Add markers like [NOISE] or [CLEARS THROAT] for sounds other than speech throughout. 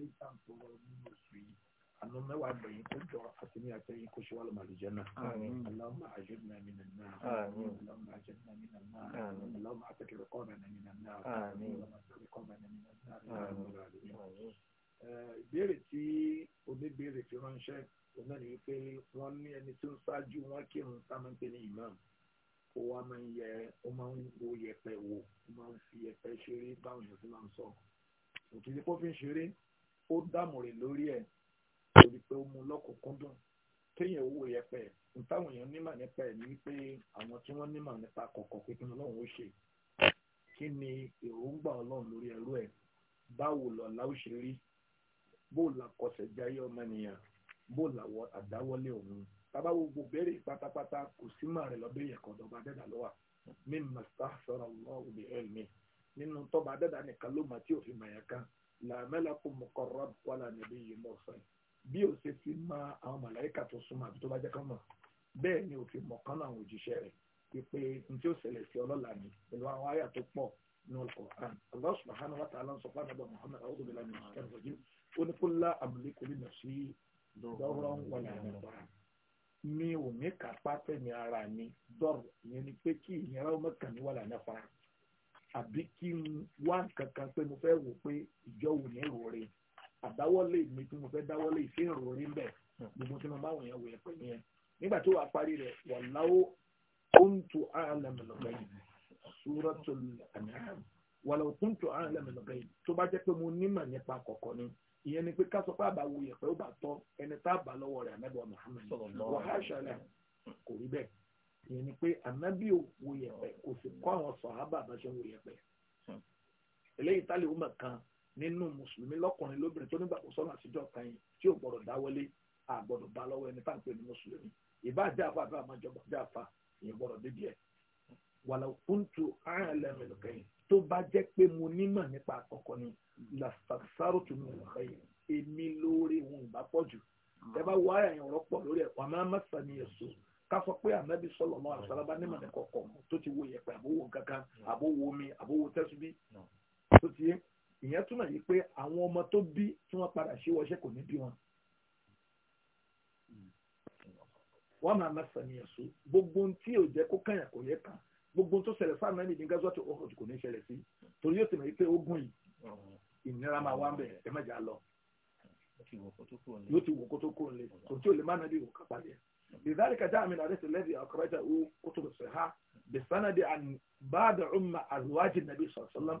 eléyìí tá à ń sọ̀rọ̀ nínú oṣù yìí àná mẹ́wàá gbẹ̀yìn tó jọ àtẹ̀mí àtẹ̀yìn kó ṣe wà lọ́mọ àlùjànnà. Allahumma ajirna minan nar. Allahumma ajirna minan nar. Allahumma atik riqabana minan nar. Allahumma atik riqabana minan nar. Ìbéèrè tí oníbéèrè fi ránṣẹ́ òun ni pé wọ́n ní ẹni tó ń ṣáájú wọn kírun táwọn ní imam ó wá máa ń yẹ ó máa ń wo yẹ̀pẹ̀ wò ó máa ń fi yẹ̀pẹ̀ ṣeré báwọn èèyàn ti máa ń sọ òkìlẹ̀ fi ń ṣeré ó dàmúre lórí ẹ̀ torí pé ó mú lọ́kùnkúndùn kéèyàn owó yẹpẹ̀ nítawọn èèyàn nímọ̀ nípa ẹ̀ ní pé àwọn tí wọ́n nímọ̀ nípa kọ̀ọ̀kọ̀ pé ọlọ́run ó ṣe kí ni èròǹgbà ọlọ́run lórí ẹrú ẹ̀ báwo ó ṣe rí la kọsẹ̀ jáyé àdáwọlé gbogbo béèrè pátápátá kò sí mọ̀ rẹ̀ lọ́bẹ̀ kọ́ dẹ́dà lọ́wà mí lọ́wọ́ òbí mi nínú tọ́ba dẹ́dà nìkan ló mọ̀ tí òfin mọ̀ làmẹ́lẹ́kù mọ̀kọ́rọ́ wàlà nàbí yìí mọ̀ọ́sán bí o ṣe fi mọ àwọn màláìkà tó súnmọ́ àbí tó bá jẹ́ kán mọ̀ bẹ́ẹ̀ ni o fi mọ̀ kán àwọn òjíṣẹ́ rẹ̀ pípé n tí ó ṣẹlẹ̀ sí ọlọ́lá ni pẹ̀lú àwọn àyà tó pọ̀ nínú Al-Qur'an Allah subhanahu wa ta'ala sọ fún àdàbọ̀ Muhammad a'udhu billahi minash shaitanir rajim ó ní kul la amliku li nafsi darran wala naf'an mi ò ní kápá fẹ́mi ara mi dọ́rọ̀ ìyẹn ni pé kí ìyẹn ara ó mọ̀kàn ní wàlà náà fara àbí kí n wá kankan pé mo fẹ́ wò pé ìjọ wò ní ìròrí àdáwọ́lé mi tí mo fẹ́ dáwọ́lé ìfẹ́ ìròrí ń bẹ̀ gbogbo tí mo bá wọ̀nyẹn wò yẹn pè ní yẹn nígbà tó wàá parí rẹ̀ wà láwó kóńtù àlàmìlọ́gbẹ̀ yìí suratul an'am wà láwó kóńtù àlàmìlọ́gbẹ̀ yìí tó bá jẹ́ pé mo nímọ̀ nípa kọ̀ọ̀kan ni ìyẹn ni pé ká sọ pé àbá wo yẹ̀pẹ̀ ó bá tọ́ ẹni tá a bá lọ́wọ́ rẹ̀ ànábọ̀ Muhammad wàhálà kò rí bẹ́ẹ̀ ìyẹn ni pé ànábì wo yẹ̀pẹ̀ kò sì kọ́ àwọn sọ̀hábà bá ṣe ń wo yẹ̀pẹ̀ eléyìí tá lè wọ́n mọ̀ kan nínú mùsùlùmí lọ́kùnrin lóbìnrin tó nígbà kó sọ́nà àtijọ́ kan yìí tí ò gbọ́dọ̀ dáwọ́lé àgbọ́dọ̀ bá lọ́wọ́ ẹni tá à ń pè ní mùsùlùmí ìbá jáfa àbá àmọ́ ìjọba jáfa ìyẹn gbọ́dọ̀ débi ẹ̀ wàlà kúntù àrẹ̀lẹ̀mẹ̀ lọ́kẹ́yìn ni làṣàṣàrò ká sọ pé ànábì sọlọ mọ àṣàlábà ní mọ̀nà kọ̀ọ̀kan tó ti wo yẹ̀pẹ̀ àbówó kankan àbówó omi àbówó tẹ́sùbí tó ti yé ìyẹn túmọ̀ yìí pé àwọn ọmọ tó bí tí wọ́n padà ṣe wọṣẹ́ kò ní bí wọn. wọ́n máa ma sàníyàn sùn gbogbo tí ò jẹ́ kó kàyàn kò yẹ kàn gbogbo tó ṣẹlẹ̀ sáà náà nìyí gázọ́ tó ọkọ̀ kò ní ṣẹlẹ̀ sí torí yóò tẹ̀lé pé ogun yìí ìnira máa wá ń bẹ̀ ẹ mẹ́jà lọ yóò ti wò kó tó kúrò nílé kò tí ò lè má nàbí wò kápá yẹn. لذلك جاء من الحديث الذي أخرجه كتب الصحاح بسند عن بعض أمة أزواج النبي صلى الله عليه وسلم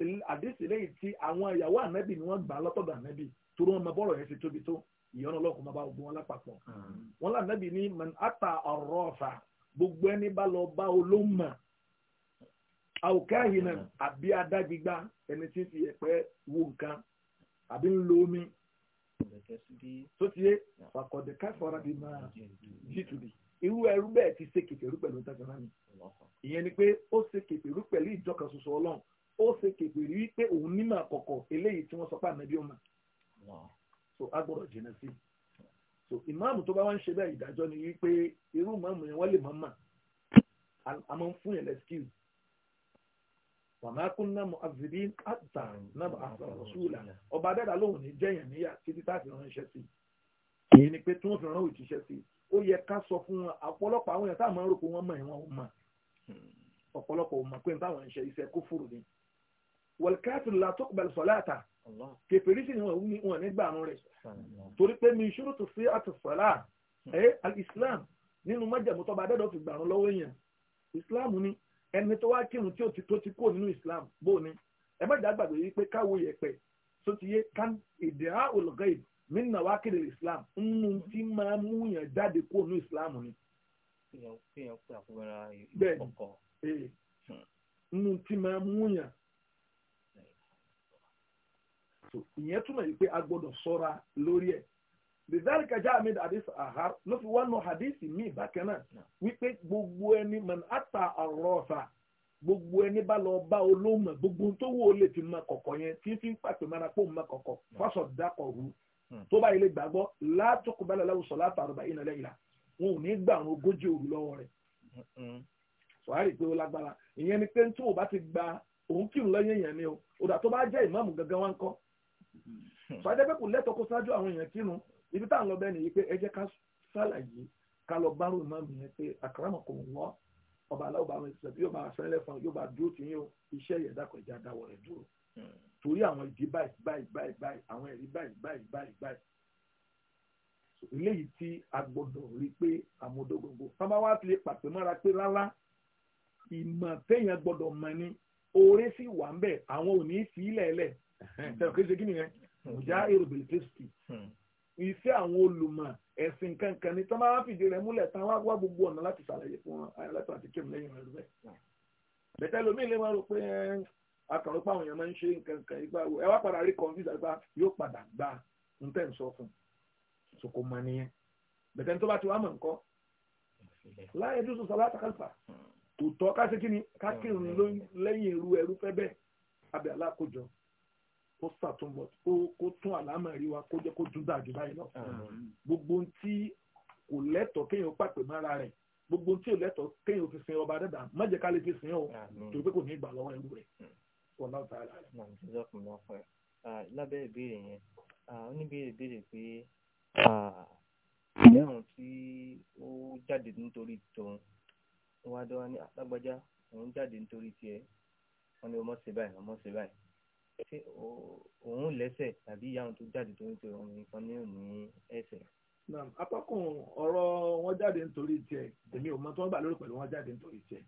الحديث eléyìí tí àwọn ìyàwó ànábì ni wọ́n gbà lọ́tọ̀dọ̀ ànábì torí wọn mọ bọ́ọ̀rọ̀ yẹn ti tóbi tó ìyọ́nà ọlọ́kùn máa bá gbogbo wọn lápapọ̀ wọn là ànábì ní man ata ọ̀rọ̀ ọ̀fà gbogbo ẹni bá lọ bá olóńmà àwòkáyìnà àbí adágbígbá ẹni tí ń fi ẹ̀pẹ́ wo nǹkan àbí ń lo omi tó ti yé fàkọ̀dé káfọ́ra bíi máa jìtùbí irú ẹrú bẹ́ẹ̀ ti ṣe kèfèrí pẹ̀lú ìtajà náà ni ìyẹn ni pé ó ṣe kèfèrí pẹ̀lú ìjọkan ṣoṣo ọlọ́run ó ṣe kèfèrí wípé òun nímọ̀ àkọ́kọ́ eléyìí tí wọ́n sọ pé ànábì ọmọ so a gbọ́dọ̀ jìnnà sí so ìmáàmù tó bá wá ń ṣe bẹ́ẹ̀ ìdájọ́ ni wípé irú ìmáàmù yẹn wọ́n lè mọ̀ mọ̀ àmọ́ fún yẹn lẹ́skíù wàmà kúnná mu'azzibin àtà náà àtà rasúlà ọba dẹ́dà lóhùn ní jẹ́yàn níyà títí táàtì ránṣẹ́ sí i èyí ni pé tí wọ́n fi rán òjíṣẹ́ sí i ó yẹ ká sọ fún wọn ọ̀pọ̀lọpọ̀ àwọn èèyàn táwọn rò pé wọ́n mọ̀ ẹ̀ wọ́n mọ̀ ọ̀pọ̀lọpọ̀ òmà pé táwọn ń ṣe iṣẹ́ kúfùrù ni wọ̀lkẹ́tù la tó bẹ̀rẹ̀ sọ̀lá àtà kẹfìrí sì ni wọn nígbà àrùn rẹ̀ torí pé mi ṣòro tó sí àtùsọ̀lá ẹ̀ al-Islam nínú májẹ̀mú adẹ́dọ̀ fi gbàrún lọ́wọ́ èèyàn Islam ni ẹni tó wá kírun tí ó ti tó ti nínú Islam bó ni ẹ má dá gbàgbé wípé káwo yẹpẹ tó ti yé ká èdè á olùgẹ́ ìb mí nà wá kéde Islam nínú tí máa mú yàn jáde kúrò nínú Islam ni. bẹ́ẹ̀ni eh. hmm. nínú tí máa mú yàn ìyẹn túmọ̀ yìí pé a gbọ́dọ̀ sọ́ra lórí ẹ̀ bizarre kajá ahmed hadith ahar ló fi wọnú hadith mi bákan náà wípé gbogbo ẹni man ata arrafa gbogbo ẹni bá lọ bá olóòmọ gbogbo tó wò ó lè fi mọ kọkọ yẹn tí fi ń pàpè mọ́ra pò mọ kọkọ fọsọ dakọ ru hmm. tó bá ilé gbàgbọ́ látòkù bá lọlá wùsọ látàrúbà yìí nàlẹ ìlà wọn ò ní gbà àwọn ogójì òru lọ́wọ́ rẹ̀ hmm. sọhárì pé ó lágbára ìyẹn ni pé tó o bá ti gba òun kírun lọ́yẹ̀ yẹn ni o òdà tó bá jẹ́ ìmáàmù gangan wá kọ́ hmm. sọ ajẹ́ kó ṣáájú àwọn èèyàn kírun ibi táwọn lọ bẹ́ẹ̀ nìyí pé ẹ jẹ́ ká ṣàlàyé ká lọ bá ròmọ́ mi yẹn pé àkàràmọ̀ kò wọ́ ọba aláwọ̀ bá wọn ṣe yóò bá aṣọ ẹlẹ́fọn yóò bá dúró tì yín o iṣẹ́ ìyẹ̀dá kan ìjà dáwọ̀ rẹ̀ dúró hmm. torí àwọn ìdí báyìí báyìí báyìí báyìí àwọn ẹ̀rí báyìí báyìí báyìí báyìí eléyìí tí a gbọdọ̀ rí pé àmúdógógó sábà wá ti lè pàpẹ́ mọ́ra pé rárá ìmọ̀ téèyàn gbọdọ̀ mọ̀ ni oore sì wà ń bẹ̀ àwọn ò ní í fi í lẹ̀ẹ́lẹ̀ tẹ̀wọ̀n hmm. kí ṣe kí nìyẹn ọ̀já èrò bèlè tẹ́sítì iṣẹ́ àwọn olùmọ̀ ẹ̀sìn kankan ni tọ́ máa fìdí rẹ̀ múlẹ̀ tán wá gbogbo ọ̀nà láti ṣàlàyé fún ayọ̀lẹ́tọ̀ àti kéwù lẹ́yìn rẹ̀ rẹ̀. bẹ̀tẹ̀ lómi lè máa rò pé akọ̀rọ̀ pé àwọn èèyàn máa ń ṣe nǹkan kan ìgbà wo ẹ wá padà rí confuse àgbà yóò padà gba n tẹ́ ń sọ fún so mọ nìyẹn bẹ̀tẹ̀ tó bá ti wá mọ̀ nǹkan láyé dúdú sọ látàkàlùfà kò ni ká kírun lẹ́yìn irú ẹrú kó ṣàtúnbọ̀ kó tún àlámọ̀rí wa kó jẹ́ kó tún dàjú báyìí lọ. gbogbo tí kò lẹ́tọ̀ọ́ kéèyàn pàpè mọ́ra rẹ̀ gbogbo tí ò lẹ́tọ̀ọ́ kéèyàn fi sin ọba dẹ́dà má jẹ́ ká lè fi sin o torí pé kò ní ìgbà lọ́wọ́ ẹrú rẹ̀ wọ́n náà ta ara rẹ̀. lábẹ́ ìbéèrè yẹn oníbèrè ah, béèrè pé ah, ìdáhùn tí ó jáde nítorí tòun wọ́n á dọ́wọ́ ní alágbájá ah, òun jáde nítorí tiẹ̀ wọ́n ní ọmọ ṣe báyìí ọmọ ṣe báyìí ṣé òun lẹ́sẹ̀ tàbí ìyá òun tó jáde tó ń tẹ ọmọ nǹkan ní òní ẹsẹ̀. apákan ọ̀rọ̀ wọn jáde nítorí tiẹ̀ èmi ò mọ tí wọ́n gbà lórí pẹ̀lú wọn jáde nítorí tiẹ̀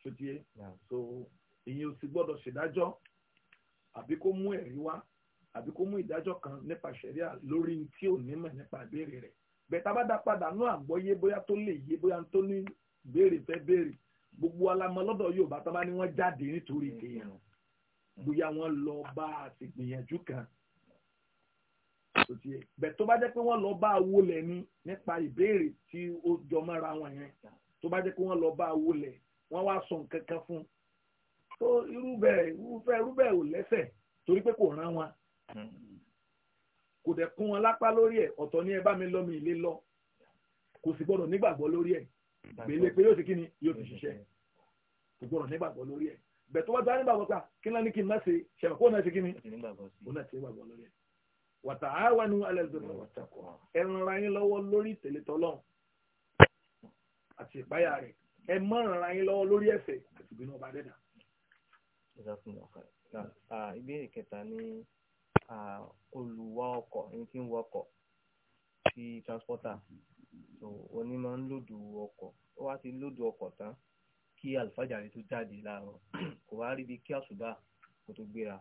ṣó tiẹ̀ so èyí ò sì gbọ́dọ̀ ṣèdájọ́ àbí kó mú ẹ̀rí wá àbí kó mú ìdájọ́ kan nípa ṣẹ̀ríà lórí tí ò ní mọ̀ nípa ìbéèrè rẹ̀ bẹ̀tà bá dá padà nú àgbọ́yé bóyá tó lè yé bóyá tó ní béèrè fẹ́ béèrè gbogbo alamọ lọ́dọ̀ Yorùbá tó bá ní wọ́n jáde nítorí ìdèyàn bóyá wọ́n lọ bá a ti gbìyànjú kan bẹ́ẹ̀ tó bá jẹ́ pé wọ́n lọ bá a wọlẹ̀ ni nípa ìbéèrè tí ó jọ mọ́ra wọn yẹn tó bá jẹ́ pé wọ́n lọ bá a wọlẹ̀ wọ́n wá sọ nǹkan kan fún un tó irú bẹ́ẹ̀ irúfẹ́ irú bẹ́ẹ̀ ò lẹ́sẹ̀ torí pé kò rán wọn kò dẹ̀ kún wọn lápá lórí ẹ̀ ọ̀tọ̀ ni ẹ bá mi lọ mi ìlé lọ kò sì gbọ́dọ̀ nígbàgbọ́ lórí ẹ̀ gbèlè pé yóò ti kí ni yóò ti ṣiṣẹ́ kò gbọ́dọ̀ nígbàgbọ́ lórí ẹ̀ bẹ̀ tó wá dání bàbọ̀ ta ah, kí náà ní kí n má ṣe ṣẹ̀mẹ̀ kó náà ṣe kí ni kó náà ṣe bàbọ̀ lórí ẹ̀ wàtà àwa ni alẹ́ ìdùnnú ẹ ràn yín lọ́wọ́ lórí ìtẹ̀lé tọ́lọ́n àti ìpáyà rẹ̀ ẹ má ràn yín lọ́wọ́ lórí ẹ̀fẹ̀ àti ìbínú ọba dẹ́dà. ìbéèrè kẹta ni olùwà ọkọ̀ ẹni tí ń wọ ọkọ̀ ti transporter onímọ̀ ń lòdù ọkọ̀ ó wá ti lòdù ọkọ̀ tán kí àlùfájàre tó jáde láàárọ̀ [CLEARS THROAT] kò wá rí bí kí àṣùbà kò tó gbéra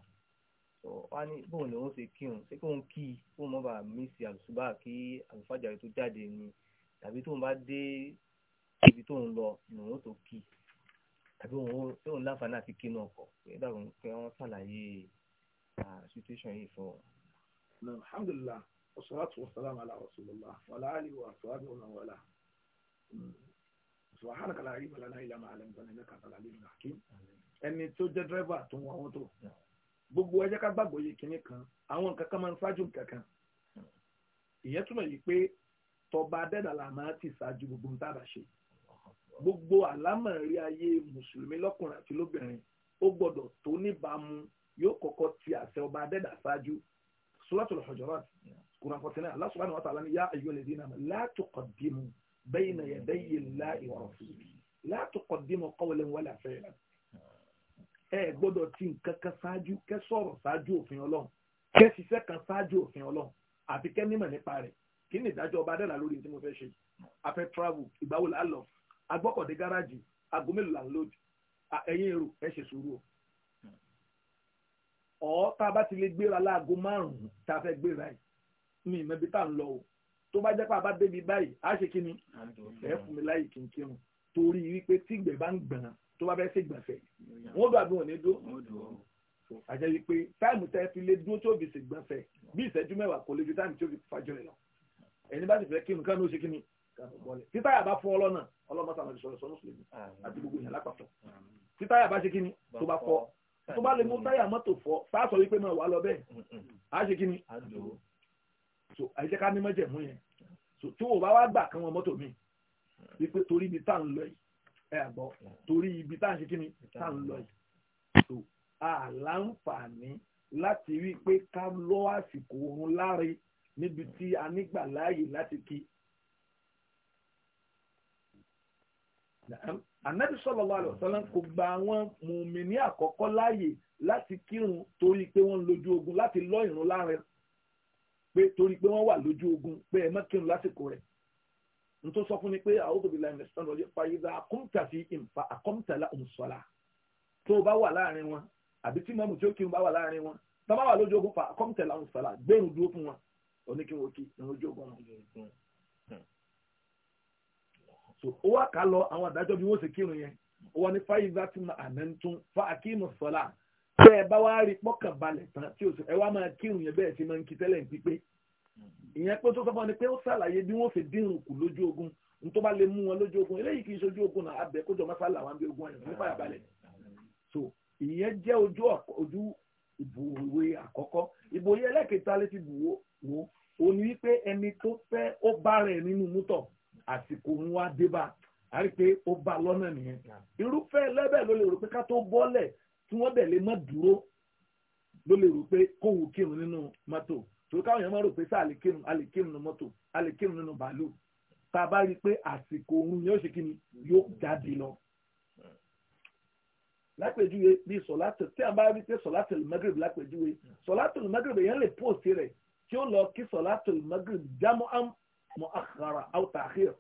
so wá ní bóun ni òun ṣe kírun ṣé kóun kí i kóun mọ́ bá mí sí àṣùbà kí àlùfájàre tó jáde ni tàbí tóun bá dé ibi tóun lọ ni òun tó kí i tàbí òun tóun láǹfààní àti kí náà kọ pé dàrú pé wọ́n ṣàlàyé situation yìí fún wọn. alhamdulillah wasalaatu wasalaamu ala rasulillah wàlá alihi wa sàbẹ̀ wọn wàlá subhanaka la ilma lana illa ma 'allamtana innaka antal alimul hakim ẹni tó jẹ́ dírẹ́fà tó ń wọ àwọn tó gbogbo ẹ jẹ́ ká gbàgbọ́ yé kinní kan àwọn nǹkan kan máa ń ṣáájú nǹkan kan ìyẹn túmọ̀ yìí pé tọba adẹ́dàlà máa ti ṣáájú gbogbo nǹkan bá ṣe gbogbo àlámọ̀rí ayé mùsùlùmí lọ́kùnrin àti lóbìnrin ó gbọ́dọ̀ tó níbàámu yóò kọ́kọ́ ti àṣẹ ọba adẹ́dà ṣáájú suratul hujurat kùnà kọ̀tẹ́nà Allah subhanahu wa ta'ala ní yá ayyuhalladhina la tuqaddimu بين يدي الله ورسوله لا تقدم قولا ولا فعلا fi'lan ẹ gbọ́dọ̀ tí nǹkan kan ṣáájú kẹ́ sọ̀rọ̀ ṣáájú òfin Ọlọ́run kẹ́ ṣiṣẹ́ kan ṣáájú òfin Ọlọ́run àti kẹ́ nímọ̀ nípa rẹ̀ kí ni ìdájọ́ ọba adẹ́là lórí tí mo fẹ́ ṣe afẹ́ travel ìgbàwò là lọ agbọ́kọ̀dé gáràjì aago mélòó là ń lòdì ẹ̀yìn èrò ẹ ṣe sùúrù o ọ̀ tá a bá ti lè gbéra láago márùn-ún tá a fẹ́ gbéra ẹ̀ ní ìmọ̀bí tá à ń lọ o tó bá jẹ́ pé àbá débi báyìí á ṣe kí ni ẹ fún mi láyè kí n kírun torí wípé tí ìgbẹ́ bá ń gbọ̀n tó bá fẹ́ ṣe gbọ̀nfẹ́ wọ́n dùn àbí wọn ní dó àjẹ́ wípé táìmù tẹ́ fi lé dúró tó fi ṣe gbọ̀nfẹ́ bí ìṣẹ́jú mẹ́wàá kò lè ju táìmù tó fi fàjọ rẹ̀ lọ ẹni bá sì fẹ́ kírun kánú ó ṣe kí ni títáyà bá fún ọlọ́nà ọlọ́mọ sàmà so àìjẹ́ ká ní mọ́jẹ̀mú yẹn so tó o bá wá gbà kán wọn mọ́tò mi wípé torí ibi tá à ń lọ yìí ẹ àgbọ̀ torí ibi tá à ń ṣe kíni tá à ń lọ yìí so àlàǹfààní láti rí pé ká lọ àsìkò oorun láre níbi tí a nígbà láàyè láti kí. Ànábì sallallahu alaihi wasallam kò gba àwọn mùmíní àkọ́kọ́ láàyè láti kírun torí pé wọ́n ń lójú ogun láti lọ ìrun láre pé torí pé wọ́n wà lójú ogun pé ẹ má kírun lásìkò rẹ̀ n tó sọ fún ni pé àwọn òbí láì mẹsàn lọ yẹpa ìdá àkọ́mùtà sí ìmùfà àkọ́mùtà là ń sọ̀la tó o bá wà láàrin wọn àbí tí mọ́mù tí ó kírun bá wà láàrin wọn tó bá wà lójú ogun fà àkọ́mùtà là ń sọ̀la gbẹ̀rún dúró fún wọn oníkíwọ́n kí ní ojú ogun wọn. so ó wà ká lọ àwọn àdájọ́ bí wọ́n ṣe kírun yẹn ó wà ní fáyidá tí mà àná ń tún fa àkíyèmọ̀ sọ̀la tẹ́ ẹ bá wá rí pọ́kànbalẹ̀ tán tí o sọ ẹ wá máa kírun yẹn bẹ́ẹ̀ ti máa ń kí tẹ́lẹ̀ ń pípé ìyẹn pé tó sọ́kàn ni pé ó ṣàlàyé bí wọ́n fi dírun kù lójú ogun nítorí bá lè mú wọn lójú ogun eléyìí kì í ṣojú ogun náà abẹ kójọ mọ́sálà wọn bí ogun ẹ̀yìn nípa ìbàlẹ̀ so ìyẹn jẹ́ ojú ojú ìbòwe àkọ́kọ́ ìbòye ẹlẹ́kẹta lè fi wò ó òun ni wípé ẹni tó fẹ́ ó bá rẹ̀ nínú mútọ̀ àsìkò ń wá dé bá a rí i pé ó bá lọ́nà nìyẹn irúfẹ́ lẹ́bẹ̀ ló lè rò pé ká tó bọ́lẹ̀ tí wọ́n dẹ̀ lè má dúró ló lè rò pé kóhùn kírun nínú mọ́tò tó káwọn èèyàn máa rò pé sá àlè kírun nínú mọ́tò àlè nínú bàálù tá a bá rí i pé àsìkò oorun yóò ṣe kí ni yóò jáde lọ. lápèjúwe bí sọ̀látò tí a bá rí pé sọ̀látò magrib lápèjúwe sọ̀látò magrib èèyàn lè post rẹ̀ tí ó lọ kí sọ̀látò magrib jámọ́ àmọ́ àkàrà àwòtà àkìr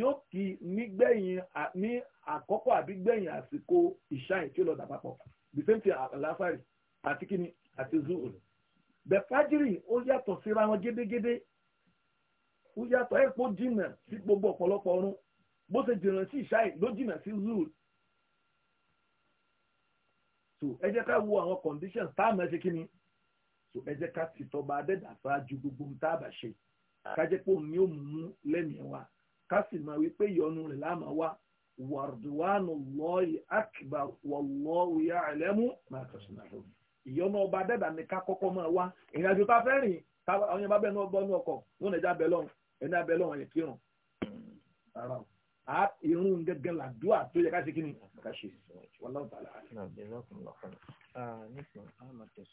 yóò kí nígbẹ̀yìn ní àkọ́kọ́ àbí gbẹ̀yìn àsìkò ìṣáì tí ó lọ dà the same thing àlàáfàrì àti kíni àti zuhur bẹ̀ fájírì ó yàtọ̀ síra wọn gédégédé ó yàtọ̀ ẹ̀pọ̀ jìnnà sí gbogbo ọ̀pọ̀lọpọ̀ ọ̀run bó ṣe jìnnà sí ìṣáì ló jìnnà sí zuhur so ẹ jẹ́ ká wo àwọn conditions tá a máa ṣe kíni so ẹ jẹ́ ká ti tọba adẹ́dà ṣáájú gbogbo tá a bá ṣe ká pé òun ni mú lẹ́mìí wa ká sì máa wí pé ìyọnu rẹ̀ láàmú wa wàdùwánùlọ́ọ̀yì àkìbà wọ̀lọ́ọ̀wù yà ẹlẹ́mú máa tẹ̀sán náà lónìí. ìyọnu ọba dẹ́dà ní ká kọ́kọ́ máa wá ìrìn àjò tá a fẹ́ rìn àwọn yẹn bá bẹ́ẹ̀ náà bọ́nú ọkọ̀ wọn ẹja bẹ́ẹ̀ lọ́hùn ẹni abẹ́ lọ́hùn kírun. ara a irun gẹ́gẹ́ làdúà tó yẹ ká ṣe kí ni.